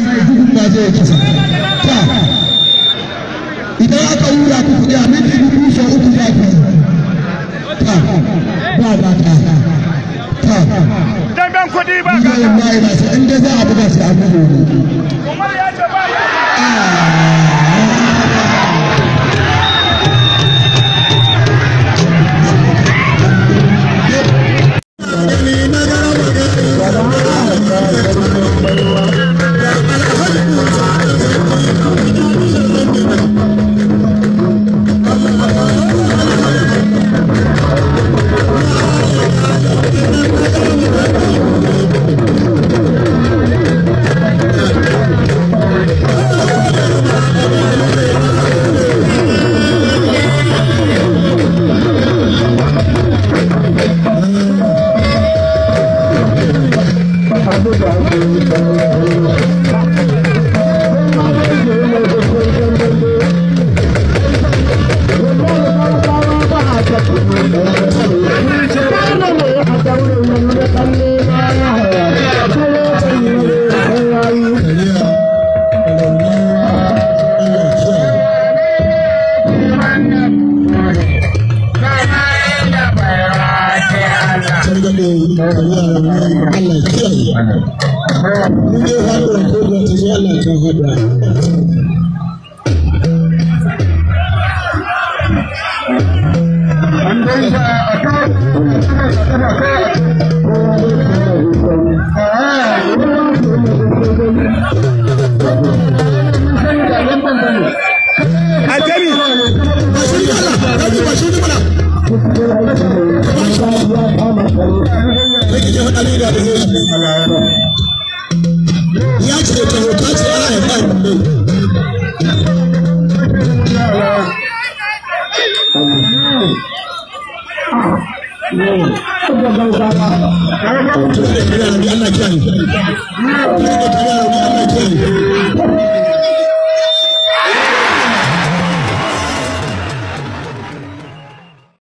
bugun ba ta aka wura ku kuɗi a minti dubu sau ta ta ta ta in dai za a buga sai a Thank you. Allah kiyaye mun yi haɗin kuma ta zo Allah rikice hadarin da dahe ya ce ta hota ce ana ya ba ne Ana kiyaye. Ana kiyaye.